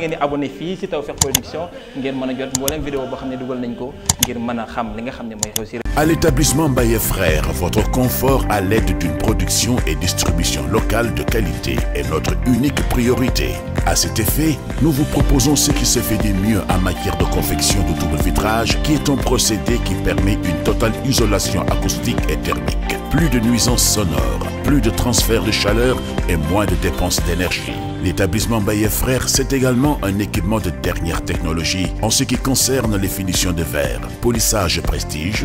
ngeen di abonné fii ci Tawfekh Production ngeen mën a jot mboolem vidéo boo xam ne dugal nañ ko ngir mën a xam li nga xam ne mooy réussir. À l'établissement Baye Frères, votre confort à l'aide d'une production et distribution locale de qualité est notre unique priorité. À cet effet, nous vous proposons ce qui se fait de mieux en matière de confection de double vitrage, qui est un procédé qui permet une totale isolation acoustique et thermique. Plus de nuisances sonores, plus de transfert de chaleur et moins de dépenses d'énergie. L'établissement Baye Frères, c'est également un équipement de dernière technologie en ce qui concerne les finitions de verre, polissage prestige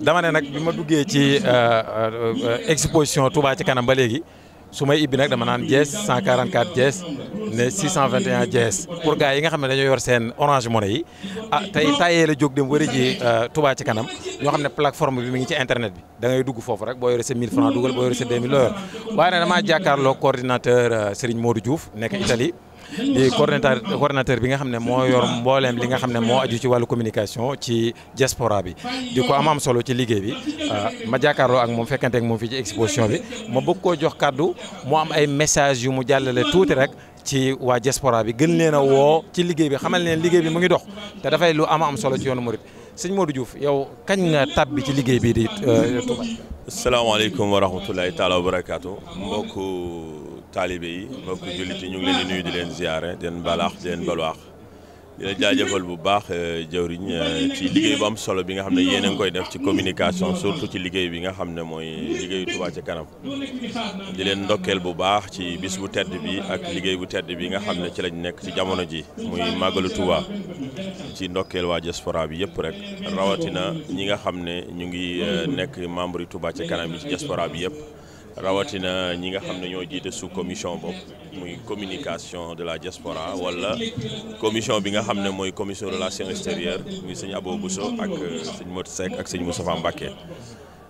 dama ne nag bi ma duggee ci euh, euh, euh, exposition Touba ci kanam ba léegi su may ibbi nag dama naan Diès 144 Diès ne 621 Diès pour gars yi nga xam ne dañoo yor seen Orange Money yi a ah, tey tayee la jóg dem wari ji Touba ci kanam ñoo xam ne plateforme bi mi ngi ci internet bi da ngay dugg foofu rek boo yore sa 1000 francs dugal boo yore sa 2000 loo yor waaye nag damaa jàkkaarloo coordinateur Serigne Modou Diouf nekk Italie di ordinateur bi nga xam ne moo yor mbooleem li nga xam ne moo aju ci wàllu communication ci diaspora bi di ko am am solo ci liggéey bi ah, ma jàkkaarloo ak moom fekkante moom fii ci exposition bi ma bëgg koo jox kàddu mu am ay message yu mu jàllale tuuti rek ci waa diaspora bi gën leen a woo ci liggéey bi xamal leen liggéey bi mu ngi dox te dafay lu am am solo ci yoonu murit sëñ Modou Diouf yow kañ nga bi ci liggéey bi di euh, Touba. salaamaaleykum wa rahmatulahi taala wa barakaatu taalibe yi mbokk jullit yi ñu ngi leen di di leen ziare di leen balaax di leen balwaax di la jaajëfal bu baax euh, jëwriñ euh, ci liggéey bu am solo bi nga xam ne yéen a ngi koy def ci communication surtout ci liggéey bi nga xam ne mooy liggéeyu Touba ca kanam di leen ndokkeel bu baax ci bis bu tedd bi ak liggéey bu tedd bi nga xam ne ci lañ nekk ci jamono ji muy màggalu Touba ci ndokkeel waa diaspora bi yëpp rek rawatina ñi nga xam ne ñu ngi euh, nekk membre yi Touba ca kanam yi ci diaspora yëpp rawatina ñi nga xam ne ñoo jiite su commission bopp muy communication de la diaspora wala commission bi nga xam ne mooy commission relation extérieure muy sëñ Abo Bousso ak euh, sëñ Modou Seck ak sëñ Moustapha Mbacké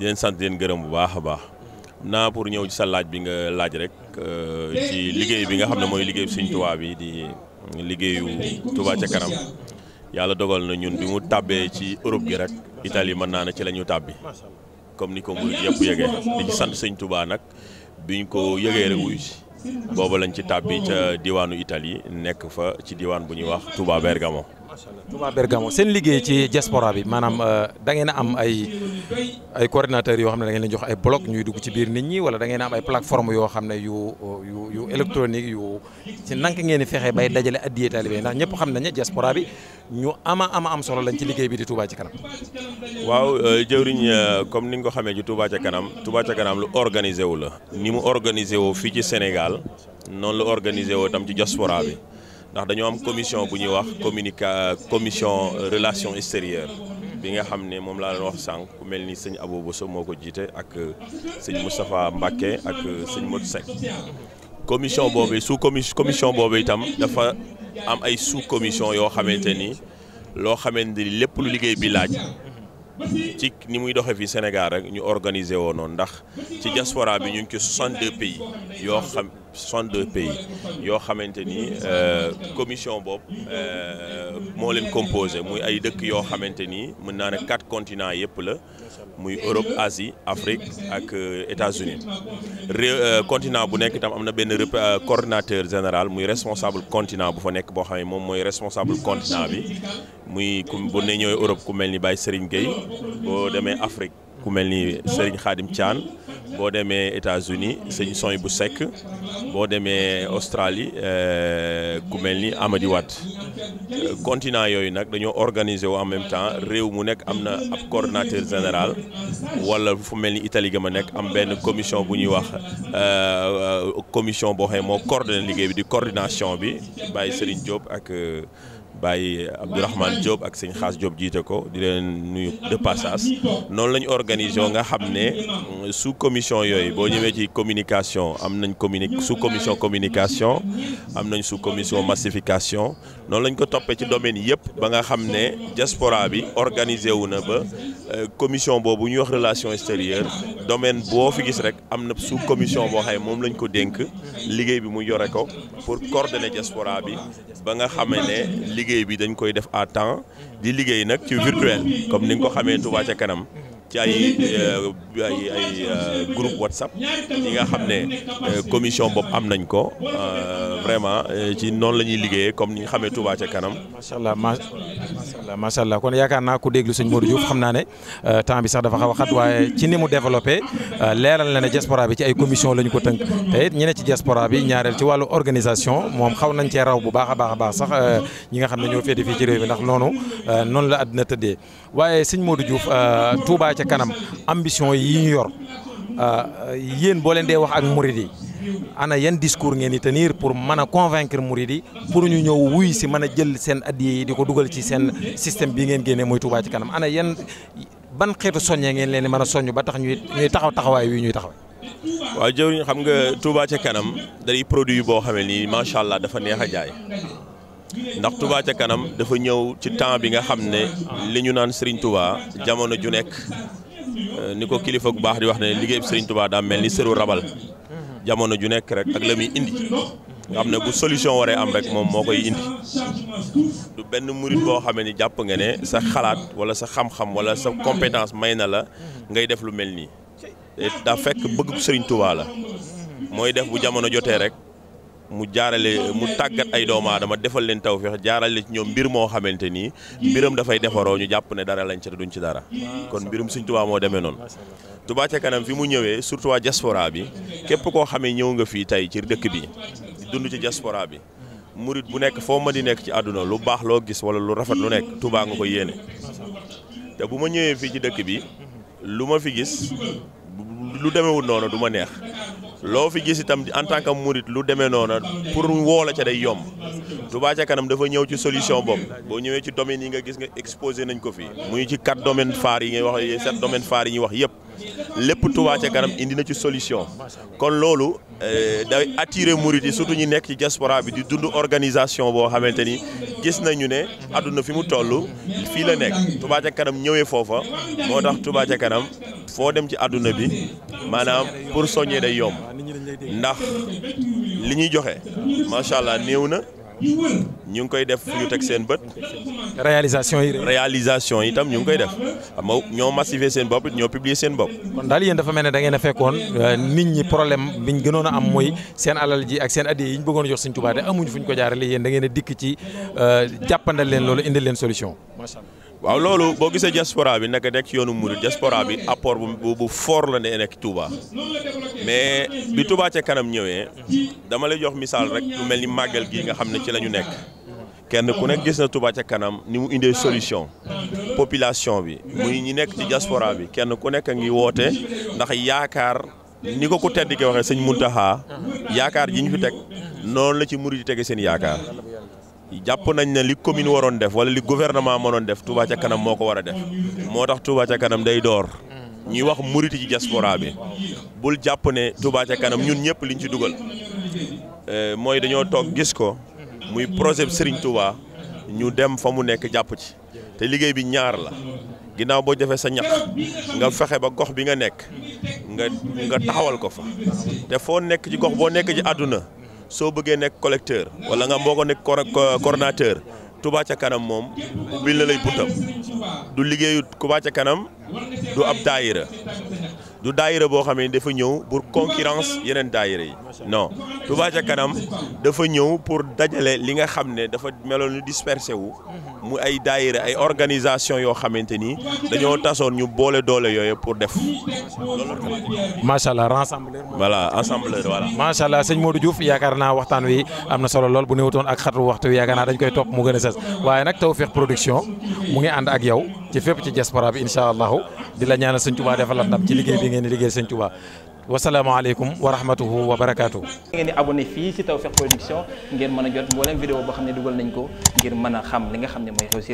di leen sant di leen gërëm bu baax a baax naa pour ñëw ci sa laaj bi nga laaj rek euh, ci liggéey bi nga xam ne mooy liggéey sëñ Touba bi di liggéeyu Touba ca kanam yàlla dogal na ñun bi mu tàbbee ci Europe gi rek Italie mën naa ne ci la ñu tàbbi comme ni ko murid yëpp yëgee di ci sant sëñ Touba nag biñ ko yëgee rek wuyu si booba lañ ci tàbbi ca diwaanu Italie nekk fa ci diwaan bu ñuy wax Touba Bergamo macha allah Touba Bergamo seen liggéey ci diaspora bi maanaam euh, da ngeen a am ay ay coordinateurs yoo xam ne da ngeen jox ay bloc ñuy dugg ci biir nit ñi wala dangeen am ay plateforme yoo xam ne yu yu yu électronique yu ci nank ngeen di fexe bay dajale addiyee taalibe ndax ñëpp xam nañ ne diaspora bi ñu ama ama am solo lañ ci liggéey bi di Touba ci kanam. waaw euh, jëwriñ euh, comme ni nga ko xamee ci Touba ca kanam tubaa ca kanam lu organisé wu la. ni mu organisé woo fii ci Sénégal noonu la organisé woo tam ci diaspora bi. ndax dañoo am commission bu ñuy wax communica commission relation extérieure bi nga xam ne moom laa doon wax sànq ku mel ni sëñ Abou Bousso moo ko jiite ak euh, sëñ Moustapha Mbacké ak euh, sëñ Modou Seck commission boobu sous commission boobu itam dafa am ay sous commission yoo xamante ni loo xamante ni lépp lu liggéey bi laaj ci ni muy doxee fii Sénégal rek ñu organiser woo noonu ndax ci diaspora bi ñu ngi ci 62 pays yoo xam 62 pays yoo xamante ni euh, commission boobu. Euh, moo leen composé muy ay dëkk yoo xamante ni mën naa ne quatre continents yëpp la muy Europe Asie Afrique ak euh, États-Unis réew euh, continent bu nekk tam am na benn euh, coordinateur général muy responsable continent bu fa nekk boo xam ne moom mooy responsable continent bi muy ku bu ne ñooy Europe ku mel ni baay Serigne Gueye boo demee Afrique. ku mel ni Serigne Khadim Thian boo demee États-Unis sëñ Soy bu Seck boo demee Australie euh, ku mel ni Amady Watt euh, yooyu nag dañoo organiser wu en même temps réew mu nekk am na ab coordonnateur général wala fu mel ni Italie ga ma nekk am benn commission bu ñuy wax euh, commission boo xam moo coordonné liggéey bi di coordination bi bàyyi Serigne Diop ak. bàyyi Abdourahmane Diop ak sëñ Xaas Diop jiite ko di leen nuyu de passage noonu la ñu organisé nga xam ne euh, sous commission yooyu boo ñëwee ci communication am nañ communi sous commission communication am nañ sous commission massification noonu lañ ko toppee ci domaine yëpp ba nga xam ne diaspora bi organisé wu na ba euh, commission boobu ñuy wax relation extérieure domaine boo fi gis rek am na sous commission boo xam moom lañ ko dénk liggéey bi mu yore ko pour coordonner diaspora bi ba nga xam ne liggéey bi dañ koy def à temps di liggéey nag ci virtuel comme ni nga ko xamee Touba ca kanam ci ay euh, ay ay euh, groupe WhatsApp yi nga xam ne euh, commission bopp am nañ ko vraiment ci noonu la ñuy liggéeyee comme ni ñu xamee Touba ca kanam. macha allah macha allah macha allah kon yaakaar naa ko déglu sëñ Modou Diouf xam naa ne temps bi sax dafa xaw xat waaye ci ni mu développé leeral na ne diaspora bi ci ay commission la ñu ko tënk te it ne ci diaspora bi ñaareel ci wàllu organisation moom xaw nañ cee raw bu baax a baax a baax sax ñi nga xam ne ñoo féete fii ci réew mi ndax noonu noonu la àddina tëddee. waaye sëñ Modou Diouf euh, Touba ca kanam ambition yi ñu yor euh, yéen boo leen dee wax ak murid yi ana yan discours ngeen di tenir pour mën a convaincre murid yi pour ñu ñëw wuy si mën a jël seen addiya yi di ko dugal ci seen système bii ngeen génne mooy Touba ci kanam ana yan ban xeetu soññee ngeen leen di mën a soññ ba tax ñuy ñuy taxaw taxawaay wi ñuy taxaw. waaw jëwriñ xam nga Touba ca kanam day produit boo xamee ne nii macha allah dafa neex a jaay. ndax tubaa ca kanam dafa ñëw ci temps bi nga xam ne li ñu naan sëriñ Touba jamono ju nekk euh, ni ko kilifa gu baax di wax ne liggéey bi Serigne Touba daa mel ni sëru rabal jamono ju nekk rek ak la muy indi nga xam ne bu solution waree am rek moom moo koy indi du benn murit boo xamee ni jàpp nga ne sa xalaat wala sa xam-xam wala sa compétence may na la ngay def lu mel nii daa fekk bëgg Serigne Touba la mooy def bu jamono jotee rek. mu jaarale mu tàggat ay doomu aadama defal leen tawféex jaarale ci ñoom mbir moo xamante nii mbiram dafay defaroo ñu jàpp ne dara lañ ci duñ ci dara kon mbirum Sëñ Tuubaa moo demee noonu tubaa ca kanam fi mu ñëwee surtout waa diaspora bi képp koo xamee ñëw nga fii tey ci dëkk bi di dund ci diaspora bi murit bu nekk foo ma di nekk ci àdduna lu baax loo gis wala lu rafet lu nekk Touba nga ko yéene te bu ma ñëwee fii ci dëkk bi lu ma fi gis lu demewul noonu du ma neex loo fi gis itam en tant que murit lu demee noona pour woo la ca day yomb Touba ca kanam dafa ñëw ci solution bopp boo ñëwee ci domaines yi nga gis nga exposé nañ ko fii muy ci quatre domaines phares yi ngay wax sept domaines phares yi ñuy wax lépp Touba ca kanam indi na ci solution kon loolu euh, day attiré murit yi surtout ñi nekk ci diaspora bi di dund organisation boo xamante ni gis nañu ne àdduna fi mu toll fii la nekk Touba ca kanam ñëwee foofa moo tax Touba ca kanam foo dem ci àdduna bi maanaam pour soññee day yomb ndax li ñuy joxe macha allah néew na ñu ngi koy def fu ñu teg seen bët. réalisation yi réalisation yi tam ñu ngi koy def xam ñoo massifier seen bopp ñoo publier seen bopp. kon daal yéen dafa mel ne da ngeen a fekkoon euh, nit ñi problème biñ gënoon a am mooy seen alal ji ak seen addiya yi ñu bëggoon a jox Sëñ Tuubaa te amuñ fu ñu ko jaarale yéen da ngeen a dikk ci euh, jàppandal leen loolu indi leen solution. macha waaw loolu boo gisee diaspora bi nekk rek ci yoonu Mouride diaspora bi apport bu bu fort la ne nekk Touba mais bi Touba ca kanam ñëwee dama lay jox misaal rek lu mel ni màggal gi nga xam ne ci la ñu nekk kenn ku nekk gis na Touba ca kanam ni mu indee solution population bi muy ñi nekk ci diaspora bi kenn ku nekk ngi woote ndax yaakaar ni ko ku tedd ki waxee sëñ Muntaxa yaakaar ji ñu fi teg noonu la ci Mouride di tege seen yaakaar jàpp nañ ne li commune waroon def wala li gouvernement mënoon def Touba ca kanam moo ko war a def moo tax Touba ca kanam day door ñuy wax muriti ci diaspora bi bul jàpp ne Touba ca kanam ñun ñëpp ñu ci dugal euh, mooy dañoo toog gis ko muy projet sëriñ Touba ñu dem fa mu nekk jàpp ci te liggéey bi ñaar la ginnaaw boo defee sa ñax nga fexe ba gox bi nga nekk nga nga taxawal ko fa te foo nekk ci gox boo nekk ci àdduna soo bëggee nekk collecteur wala nga mboo ko nekk coordonnateur Touba ca kanam moom ubbil na lay buntam du liggéeyu Touba ca kanam du ab daayira lu daayira boo xamee ne dafa ñëw pour concurrence yeneen daayira yi non Touba ca kanam dafa ñëw pour dajale li nga xam ne dafa meloon lu dispersé wu mu ay daayira ay organisation yoo xamante ni dañoo tasoon ñu boole doole yooyu pour def macha allah rassembleur voilà rassembleur voilà macha allah sëñ Modou Diouf yaakaar naa waxtaan wi am na solo lool bu néewtoon ak xatu waxtu wi yaakaar naa dañ koy topp mu gën a sës waaye nag Tawfekh Production mu ngi ànd ak yow ci fépp ci diaspora bi incha allahu di la ñaanal sëñ Tuubaa defal ndam ci liggéey bi ngeen liggéey sëñ Tuubaa wasalaamaaleykum wa rahmatuhu wa barakaatu. ngeen di fii ci Tawfekh Production ngeen mën a jot mboolem vidéo boo xam ne dugal nañ ko ngir mën a xam li nga xam ne mooy xew si